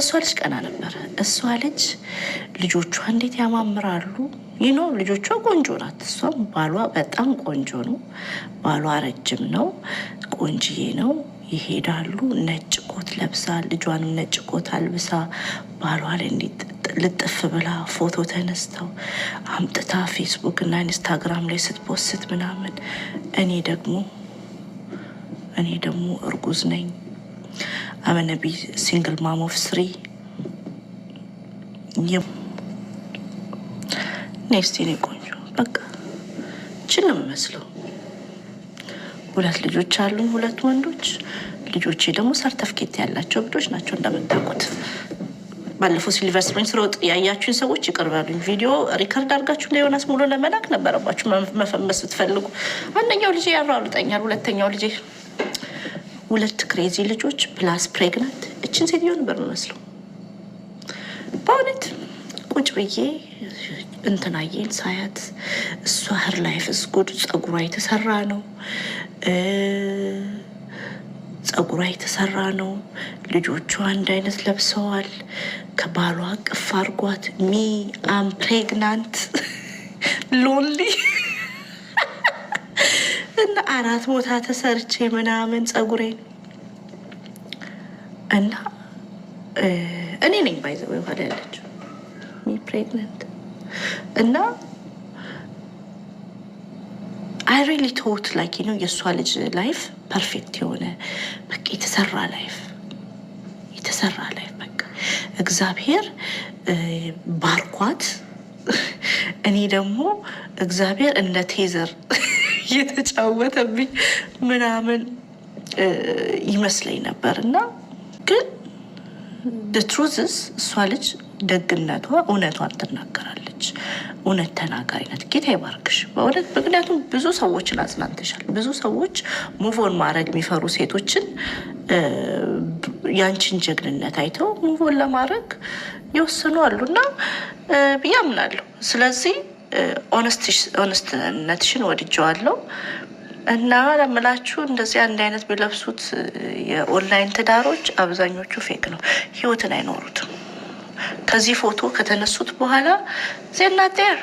እሷ ልጅ ቀና ነበረ። እሷ ልጅ ልጆቿ እንዴት ያማምራሉ ይኖ ልጆቿ ቆንጆ ናት። እሷም ባሏ በጣም ቆንጆ ነው። ባሏ ረጅም ነው፣ ቆንጅዬ ነው። ይሄዳሉ። ነጭ ኮት ለብሳ ልጇንም ነጭ ኮት አልብሳ ባሏ ላይ እንዴት ልጥፍ ብላ ፎቶ ተነስተው አምጥታ ፌስቡክ እና ኢንስታግራም ላይ ስትፖስት ምናምን እኔ ደግሞ እኔ ደግሞ እርጉዝ ነኝ I'm gonna be single mom of three. ይም ኔክስት የኔ ቆንጆ በቃ ችን ነው የምመስለው። ሁለት ልጆች አሉኝ፣ ሁለት ወንዶች ልጆቼ ደግሞ ሰርተፍኬት ያላቸው ብዶች ናቸው እንደምታውቁት። ባለፈው ሲልቨር ስፕሪንግ ስሮጥ ያያችሁኝ ሰዎች ይቅር ቪዲዮ ሪከርድ አድርጋችሁ ለዮናስ ሙሉ ለመላክ ነበረባችሁ መፈመስ ብትፈልጉ አንደኛው ልጄ ያሯሩጠኛል፣ ሁለተኛው ልጄ ሁለት ክሬዚ ልጆች ፕላስ ፕሬግናንት እችን ሴትዮ ነበር መስለው። በእውነት ቁጭ ብዬ እንትናዬን ሳያት እሷ ህር ላይፍ እስጉድ ፀጉሯ የተሰራ ነው ፀጉሯ የተሰራ ነው። ልጆቿ አንድ አይነት ለብሰዋል። ከባሏ ቅፍ አርጓት ሚ አም ፕሬግናንት ሎንሊ እና አራት ቦታ ተሰርቼ ምናምን ጸጉሬን እና እኔ ነኝ ባይዘ የኋላ ያለችው ፕሬግነንት እና አይ ሪሊ ቶት ላይክ ነው የእሷ ልጅ ላይፍ ፐርፌክት የሆነ በቃ የተሰራ ላይፍ የተሰራ ላይፍ በቃ እግዚአብሔር ባርኳት። እኔ ደግሞ እግዚአብሔር እንደ ቴዘር እየተጫወተብኝ ምናምን ይመስለኝ ነበር እና ግን ትሩዝስ እሷ ልጅ ደግነቷ እውነቷን ትናገራለች። እውነት ተናጋሪነት ጌታ ይባርክሽ በእውነት ምክንያቱም ብዙ ሰዎችን አጽናንተሻል። ብዙ ሰዎች ሙቮን ማድረግ የሚፈሩ ሴቶችን ያንቺን ጀግንነት አይተው ሙቮን ለማድረግ የወሰኑ አሉና ብዬ አምናለሁ። ስለዚህ ኦነስትነትሽን ወድጀዋለሁ እና ለምላችሁ እንደዚህ አንድ አይነት የሚለብሱት የኦንላይን ትዳሮች አብዛኞቹ ፌክ ነው፣ ህይወትን አይኖሩትም። ከዚህ ፎቶ ከተነሱት በኋላ ዜና ጤር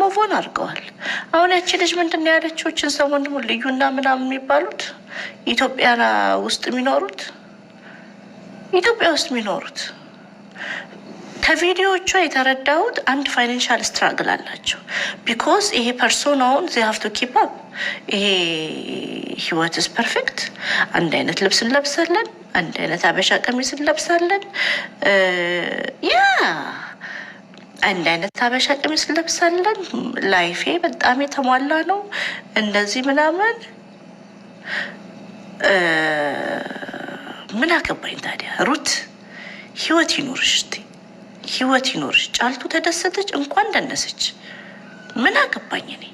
ሞቮን አድርገዋል። አሁን ያቺ ልጅ ምንድን ነው ያለችው? ሰሞን ደግሞ ልዩና ምናምን የሚባሉት ኢትዮጵያ ውስጥ የሚኖሩት ኢትዮጵያ ውስጥ የሚኖሩት ከቪዲዮቿ የተረዳሁት አንድ ፋይናንሻል ስትራግል አላቸው። ቢኮዝ ይሄ ፐርሶናውን ዚ ሀፍቱ ቱ ኪፕ አፕ ይሄ ህይወትስ ፐርፌክት አንድ አይነት ልብስ እንለብሳለን፣ አንድ አይነት አበሻ ቀሚስ እንለብሳለን። ያ አንድ አይነት አበሻ ቀሚስ እንለብሳለን። ላይፌ በጣም የተሟላ ነው እንደዚህ ምናምን ምን አገባኝ ታዲያ ሩት ህይወት ይኖርሽ። ህይወት ይኖርሽ። ጫልቱ ተደሰተች እንኳን ደነሰች። ምን አገባኝ እኔ።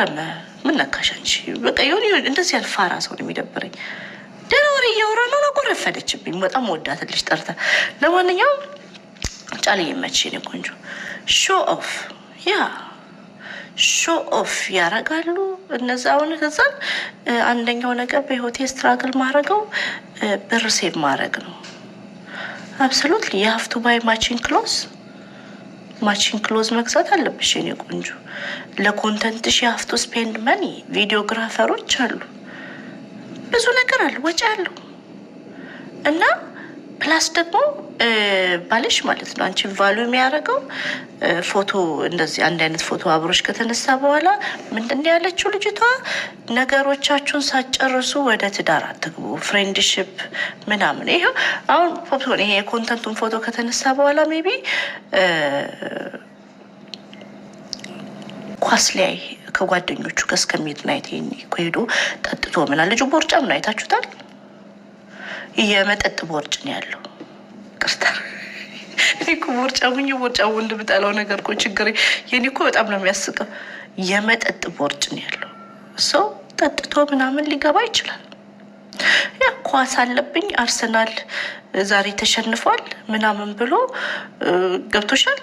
አረ ምን ነካሽ አንቺ? በቃ የሆነ እንደዚህ ያልፋራ ሰው ነው የሚደብረኝ። ደህና ወሬ እያወራ ነው። ረፈደችብኝ። በጣም ወዳትልሽ ጠርታ። ለማንኛውም ጫል የመች የእኔ ቆንጆ ሾ ኦፍ ያ ሾ ኦፍ ያረጋሉ እነዛ። አሁን ከዛም አንደኛው ነገር በሆቴል ስትራግል ማድረገው ብር ሴቭ ማድረግ ነው። አብሶሉትሊ የሀፍቱ ባይ ማቺንግ ክሎዝ ማቺንግ ክሎዝ መግዛት አለብሽ የኔ ቆንጆ። ለኮንተንትሽ ዩ ሃቭ ቱ ስፔንድ መኒ። ቪዲዮግራፈሮች አሉ፣ ብዙ ነገር አለ፣ ወጪ አለው እና ፕላስ ደግሞ ባልሽ ማለት ነው አንቺ ቫሉ የሚያደርገው ፎቶ እንደዚህ አንድ አይነት ፎቶ አብሮች ከተነሳ በኋላ ምንድን ያለችው ልጅቷ ነገሮቻችሁን ሳጨርሱ ወደ ትዳር አትግቡ፣ ፍሬንድሽፕ ምናምን። ይሄ አሁን ፎቶ ይሄ የኮንተንቱን ፎቶ ከተነሳ በኋላ ሜቢ ኳስ ላይ ከጓደኞቹ ጋር እስከ ሚድናይት ይሄን ሄዶ ጠጥቶ ምናል ልጁ ቦርጫ ምን አይታችሁታል። የመጠጥ ቦርጭ ነው ያለው። ቅርታ እኔ ቦርጫ ሁኜ ቦርጫ ወንድ ብጠላው ነገር ኮ ችግር የኔ በጣም ነው የሚያስቀው። የመጠጥ ቦርጭ ነው ያለው። ሰው ጠጥቶ ምናምን ሊገባ ይችላል። ያ ኳስ አለብኝ አርሰናል ዛሬ ተሸንፏል ምናምን ብሎ ገብቶሻል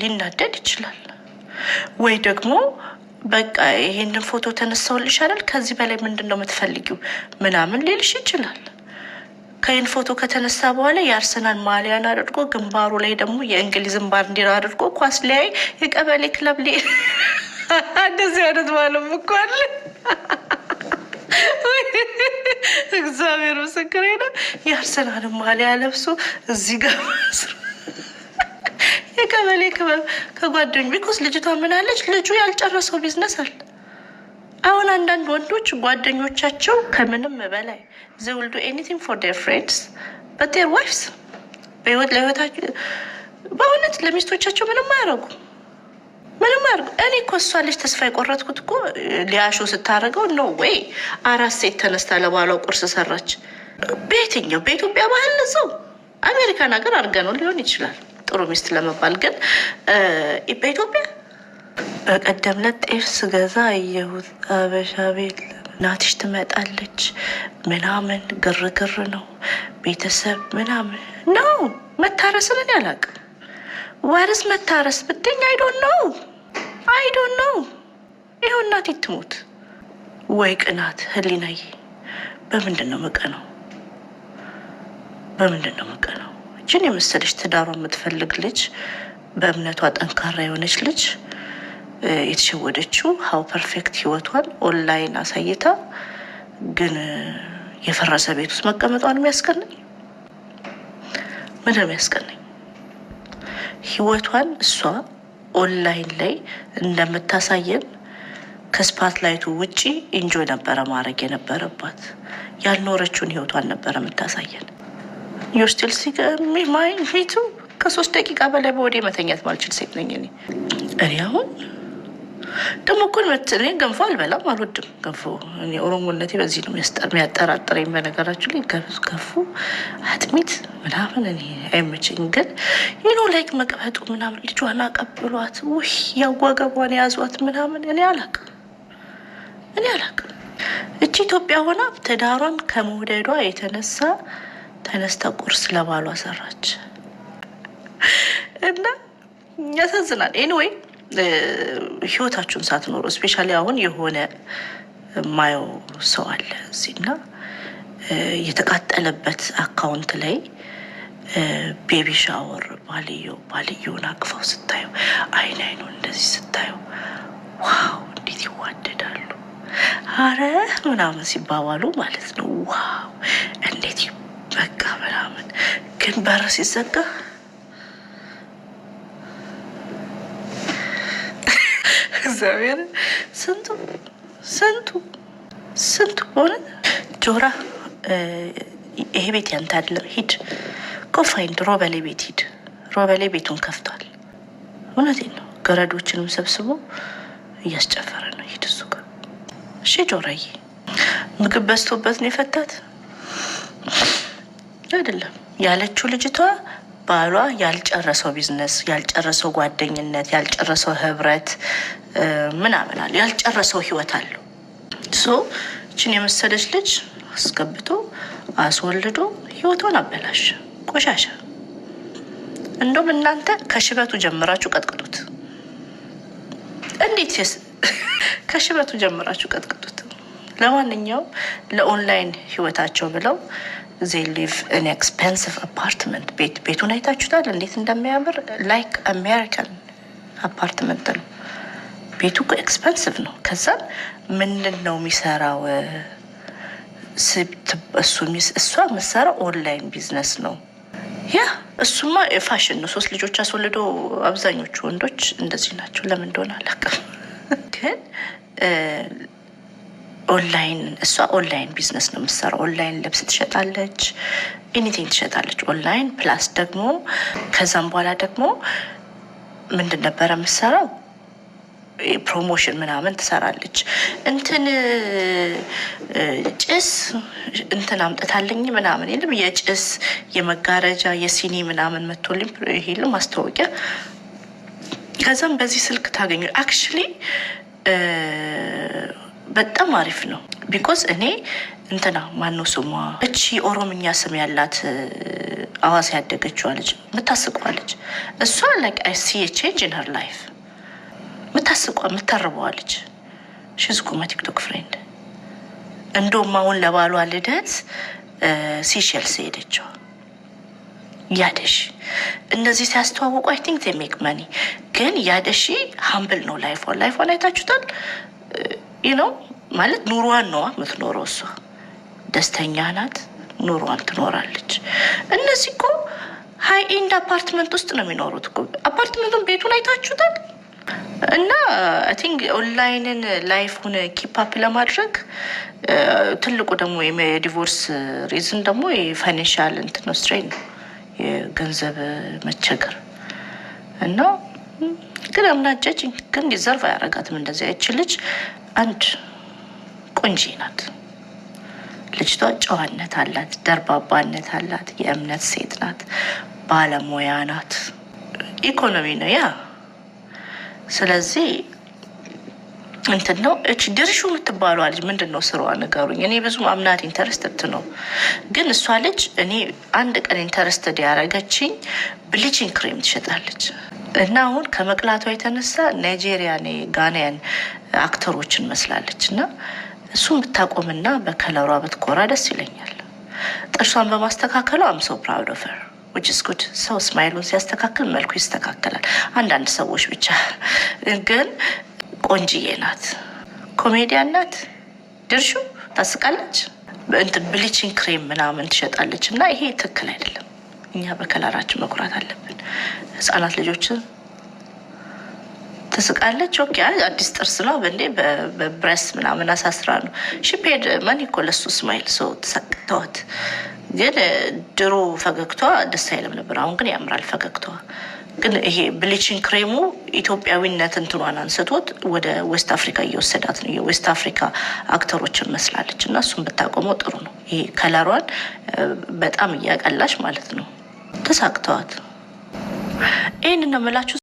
ሊናደድ ይችላል። ወይ ደግሞ በቃ ይሄንን ፎቶ ተነሳሁልሽ አይደል ከዚህ በላይ ምንድን ነው የምትፈልጊው ምናምን ሊልሽ ይችላል። ከይን ፎቶ ከተነሳ በኋላ የአርሰናል ማሊያን አድርጎ ግንባሩ ላይ ደግሞ የእንግሊዝን ባንዲራ አድርጎ ኳስ ሊያይ የቀበሌ ክለብ ሊ እንደዚህ አይነት ባለም እኮ አለ። እግዚአብሔር ምስክር ነው። የአርሰናል ማሊያ ለብሶ እዚህ ጋር የቀበሌ ክበብ ከጓደኞ ቢኮስ ልጅቷ ምናለች፣ ልጁ ያልጨረሰው ቢዝነስ አለ አሁን አንዳንድ ወንዶች ጓደኞቻቸው ከምንም በላይ ዘ ውል ኤኒቲንግ ፎር ደር ፍሬንድስ በት ዴር ዋይፍስ ለህይወታቸው በእውነት ለሚስቶቻቸው ምንም አያደርጉ ምንም አያደርጉ። እኔ እኮ እሷ ልጅ ተስፋ የቆረጥኩት እኮ ሊያሾ ስታደርገው ነው ወይ አራት ሴት ተነስታ ለባሏ ቁርስ ሰራች። በየትኛው በኢትዮጵያ ባህል ሰው አሜሪካን ሀገር አድርገ ነው ሊሆን ይችላል ጥሩ ሚስት ለመባል ግን በኢትዮጵያ በቀደም ዕለት ጤፍ ስገዛ አየሁት። አበሻ ቤት እናትሽ ትመጣለች ምናምን ግርግር ነው ቤተሰብ ምናምን ነው። መታረስ ምን ያላቅ ዋርስ መታረስ ብትኝ አይዶን ነው አይዶን ነው። ይኸው እናቴ ትሙት ወይ ቅናት። ህሊናዬ በምንድን ነው ነው በምንድን ነው ነው? እችን የመሰለች ትዳሯ የምትፈልግ ልጅ፣ በእምነቷ ጠንካራ የሆነች ልጅ የተሸወደችው ሀው ፐርፌክት ህይወቷን ኦንላይን አሳይታ ግን የፈረሰ ቤት ውስጥ መቀመጧን የሚያስቀናኝ ምንም ያስቀናኝ ህይወቷን እሷ ኦንላይን ላይ እንደምታሳየን ከስፓትላይቱ ውጪ ኢንጆይ ነበረ ማድረግ የነበረባት። ያልኖረችውን ህይወቷን ነበረ የምታሳየን። ዩስቲል ሲገሚ ማይ ፊቱ ከሶስት ደቂቃ በላይ በወዴ መተኛት ማልችል ሴት ነኝ እኔ እኔ አሁን ደግሞ እኮ እኔ ገንፎ አልበላም፣ አልወድም ገንፎ። ኦሮሞነቴ በዚህ ነው የሚያጠራጥረኝ። በነገራችሁ ላይ ገንፎ፣ አጥሚት ምናምን እኔ አይመቸኝም። ግን ይኖ ላይክ መቅበጡ ምናምን ልጇን አቀብሏት ውይ ያጓገቧን የያዟት ምናምን እኔ አላቅም፣ እኔ አላቅም። እቺ ኢትዮጵያ ሆና ትዳሯን ከመውደዷ የተነሳ ተነስታ ቁርስ ለባሏ ሰራች እና ያሳዝናል። ኤኒዌይ ህይወታችሁን ሳትኖሩ እስፔሻሊ አሁን የሆነ ማየው ሰው አለ እዚህ የተቃጠለበት አካውንት ላይ ቤቢ ሻወር ባልየው ባልየውን አቅፈው ስታዩ አይን አይኑ እንደዚህ ስታዩ ዋው እንዴት ይዋደዳሉ፣ አረ ምናምን ሲባባሉ ማለት ነው። ዋው እንዴት በቃ ምናምን ግን በር ሲዘጋ እግዚአብሔር ስንቱ ስንቱ ስንቱ ሆነ። ጆራ ይሄ ቤት ያንተ አይደለም፣ ሂድ ኮፋይንድ ሮበሌ ቤት ሂድ። ሮበሌ ቤቱን ከፍቷል። እውነቴን ነው። ገረዶችንም ሰብስቦ እያስጨፈረ ነው። ሂድ እሱ ጋር እሺ። ጆራዬ ምግብ በዝቶበት ነው የፈታት አይደለም ያለችው ልጅቷ ባሏ ያልጨረሰው ቢዝነስ፣ ያልጨረሰው ጓደኝነት፣ ያልጨረሰው ህብረት ምናምን አለ ያልጨረሰው ህይወት አለው። ሶ እችን የመሰለች ልጅ አስገብቶ አስወልዶ ህይወቷን አበላሽ። ቆሻሻ። እንደውም እናንተ ከሽበቱ ጀምራችሁ ቀጥቅጡት። እንዴት ከሽበቱ ጀምራችሁ ቀጥቅጡት። ለማንኛውም ለኦንላይን ህይወታቸው ብለው ዜ ሊቭ ኢን ኤክስፔንሲቭ አፓርትመንት ቤት ቤቱን አይታችሁታል እንዴት እንደሚያምር ላይክ አሜሪካን አፓርትመንት ነው ቤቱ ኤክስፐንሲቭ ነው ከዛ ምንድን ነው የሚሰራው እሷ የምትሰራው ኦንላይን ቢዝነስ ነው ያ እሱማ ፋሽን ነው ሶስት ልጆች አስወልዶ አብዛኞቹ ወንዶች እንደዚህ ናቸው ለምን እንደሆነ አላውቅም ግን ኦንላይን እሷ ኦንላይን ቢዝነስ ነው የምትሰራው። ኦንላይን ልብስ ትሸጣለች፣ ኤኒቲንግ ትሸጣለች ኦንላይን ፕላስ ደግሞ ከዛም በኋላ ደግሞ ምንድን ነበረ የምትሰራው ፕሮሞሽን ምናምን ትሰራለች። እንትን ጭስ እንትን አምጥታለኝ ምናምን የለም የጭስ የመጋረጃ የሲኒ ምናምን መቶልኝ ይሄሉ ማስታወቂያ። ከዛም በዚህ ስልክ ታገኙ አክቹዋሊ በጣም አሪፍ ነው። ቢኮዝ እኔ እንትና ማነው ስሟ እቺ ኦሮምኛ ስም ያላት አዋሳ ያደገችዋ ልጅ የምታስቋ ልጅ እሷ ላይክ አይ ሲ ቼንጅ ኢን ሄር ላይፍ ምታስቋ የምታርበዋ ልጅ ሽዝጉማ ቲክቶክ ፍሬንድ እንደውም አሁን ለባሏ ልደት ሲሸልስ ሄደችዋ ያደሽ እነዚህ ሲያስተዋውቁ አይ ቲንክ ሜክ መኒ ግን ያደሺ ሀምብል ነው ላይፏን ላይፏን አይታችሁታል። ነው ማለት ኑሯን ነዋ የምትኖረው። እሷ ደስተኛ ናት፣ ኑሯን ትኖራለች። እነዚህ እኮ ሀይ ኢንድ አፓርትመንት ውስጥ ነው የሚኖሩት እኮ። አፓርትመንቱን ቤቱን አይታችሁታል። እና አይ ቲንክ ኦንላይንን ላይፉን ኪፓፕ ለማድረግ ትልቁ ደግሞ የዲቮርስ ሪዝን ደግሞ የፋይናንሻል እንትን ነው ስትሬን ነው የገንዘብ መቸገር እና ግን አምናጨጭ ግን ዲዘርቭ አያረጋትም እንደዚህ አይችልች አንድ ቆንጂ ናት። ልጅቷ ጨዋነት አላት፣ ደርባባነት አላት፣ የእምነት ሴት ናት፣ ባለሙያ ናት። ኢኮኖሚ ነው ያ። ስለዚህ እንትን ነው እች ድርሹ የምትባለዋ ልጅ ምንድን ነው ስሯ ንገሩኝ። እኔ ብዙ አምናት ኢንተረስትድ ነው፣ ግን እሷ ልጅ እኔ አንድ ቀን ኢንተረስትድ ያደረገችኝ ብሊችን ክሬም ትሸጣለች። እና አሁን ከመቅላቷ የተነሳ ናይጄሪያ ጋናያን አክተሮችን መስላለች። እና እሱን ብታቆምና በከለሯ ብትኮራ ደስ ይለኛል። ጥርሷን በማስተካከሉ አምሶ ፕራውድ ኦፈር ዊች ጉድ። ሰው እስማይሉን ሲያስተካክል መልኩ ይስተካከላል። አንዳንድ ሰዎች ብቻ ግን ቆንጅዬ ናት፣ ኮሜዲያን ናት። ድርሹ ታስቃለች። እንትን ብሊችን ክሬም ምናምን ትሸጣለች። እና ይሄ ትክክል አይደለም። እኛ በከለራችን መኩራት አለብን። ህጻናት ልጆችን ትስቃለች። ኦኬ አዲስ ጥርስ ነው በእንዴ በብረስ ምናምን አሳስራ ነው ሽፔድ መን እኮ ለሱ ስማይል ሰው ተሰጥተዋት። ግን ድሮ ፈገግቷ ደስ አይልም ነበር። አሁን ግን ያምራል ፈገግቷ። ግን ይሄ ብሊችን ክሬሙ ኢትዮጵያዊነት እንትኗን አንስቶት ወደ ዌስት አፍሪካ እየወሰዳት ነው። የዌስት አፍሪካ አክተሮችን መስላለች እና እሱን ብታቆመው ጥሩ ነው። ይሄ ከለሯን በጣም እያቀላሽ ማለት ነው። ተሳክተዋት ይህን ነው የምላችሁ።